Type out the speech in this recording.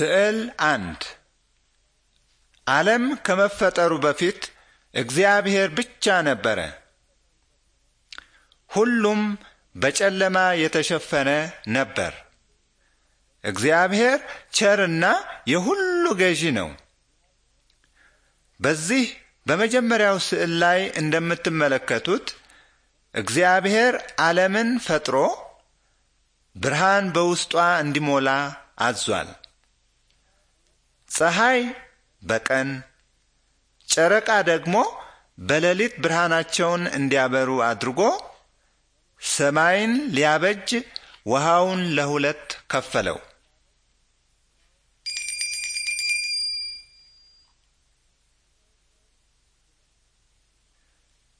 ስዕል አንድ ዓለም ከመፈጠሩ በፊት እግዚአብሔር ብቻ ነበረ። ሁሉም በጨለማ የተሸፈነ ነበር። እግዚአብሔር ቸርና የሁሉ ገዢ ነው። በዚህ በመጀመሪያው ስዕል ላይ እንደምትመለከቱት እግዚአብሔር ዓለምን ፈጥሮ ብርሃን በውስጧ እንዲሞላ አዟል። ፀሐይ በቀን ጨረቃ ደግሞ በሌሊት ብርሃናቸውን እንዲያበሩ አድርጎ ሰማይን ሊያበጅ ውሃውን ለሁለት ከፈለው።